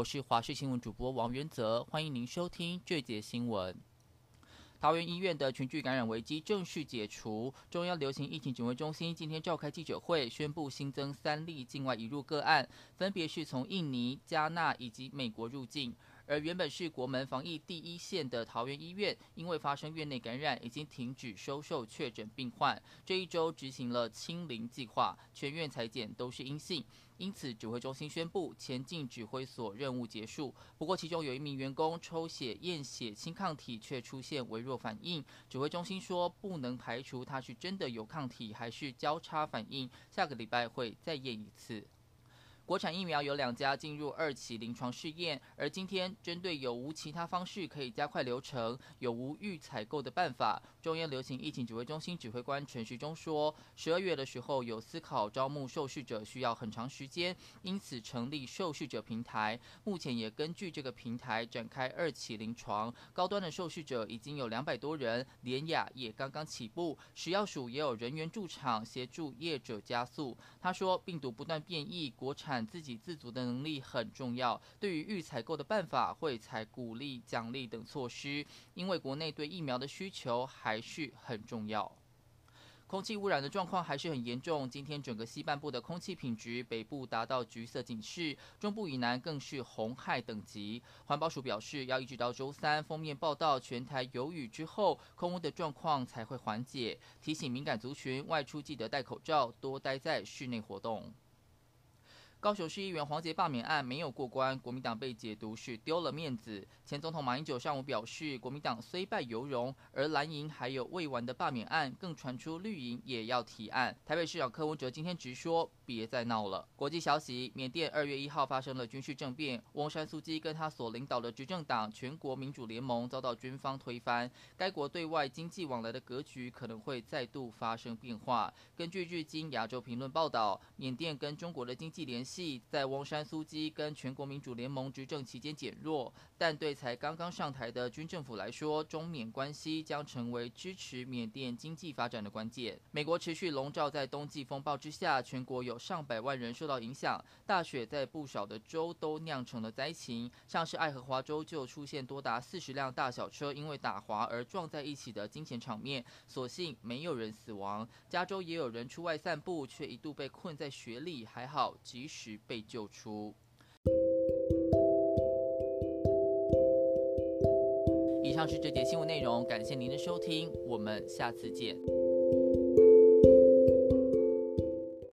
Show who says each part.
Speaker 1: 我是華視新聞主播王源澤，歡迎您收聽這節新聞。桃園醫院的群聚感染危機正式解除，中央流行疫情指揮中心今天召開記者會，宣布新增三例境外移入個案，分別是從印尼、加納以及美國入境。而原本是國門防疫第一線的桃園醫院，因為發生院內感染，已經停止收受確診病患。這一周執行了清零計劃，全院採檢都是陰性，因此指揮中心宣布前進指揮所任務結束。不過，其中有一名員工抽血驗血清抗體，卻出現微弱反應。指揮中心說，不能排除他是真的有抗體，還是交叉反應。下個禮拜會再驗一次。國產疫苗有兩家進入二期臨床試驗，而今天針對有無其他方式可以加快流程，有無預採購的辦法，中央流行疫情指揮中心指揮官陳時中說，十二月的時候有思考招募受試者需要很長時間，因此成立受試者平台，目前也根據這個平台展開二期臨床，高端的受試者已經有兩百多人，聯亞也剛剛起步，食藥署也有人員駐場協助業者加速。他說，病毒不斷變異，國產。自給自足的能力很重要。對於預採購的辦法，會採鼓勵、獎勵等措施，因為國內對疫苗的需求還是很重要。空氣污染的狀況還是很嚴重。今天整個西半部的空氣品質，北部達到橘色警示，中部以南更是紅害等級。環保署表示，要一直到周三鋒面報到全台有雨之後，空污的狀況才會緩解。提醒敏感族群外出記得戴口罩，多待在室內活動。高雄市議員黃捷罷免案沒有過關，國民黨被解讀是丟了面子。前總統馬英九上午表示，國民黨雖敗猶榮。而藍營還有未完的罷免案，更傳出綠營也要提案。台北市長柯文哲今天直說，別再鬧了。國際消息：緬甸二月一號發生了軍事政變，翁山蘇姬跟他所領導的執政黨全國民主聯盟遭到軍方推翻。該國對外經濟往來的格局可能會再度發生變化。根據《日經亞洲評論》報道，緬甸跟中國的經濟聯繫。在翁山蘇基跟全國民主聯盟執政期間減弱，但對才剛剛上臺的軍政府來說，中緬關係將成為支持緬甸經濟發展的關鍵。美國持續籠罩在冬季風暴之下，全國有上百萬人受到影響。大雪在不少的州都釀成了災情，像是愛荷華州就出現多達四十輛大小車因為打滑而撞在一起的驚險場面，所幸沒有人死亡。加州也有人出外散步，卻一度被困在雪裡，還好及時。是被救出。以上是這節新聞內容，感謝您的收聽，我們下次見。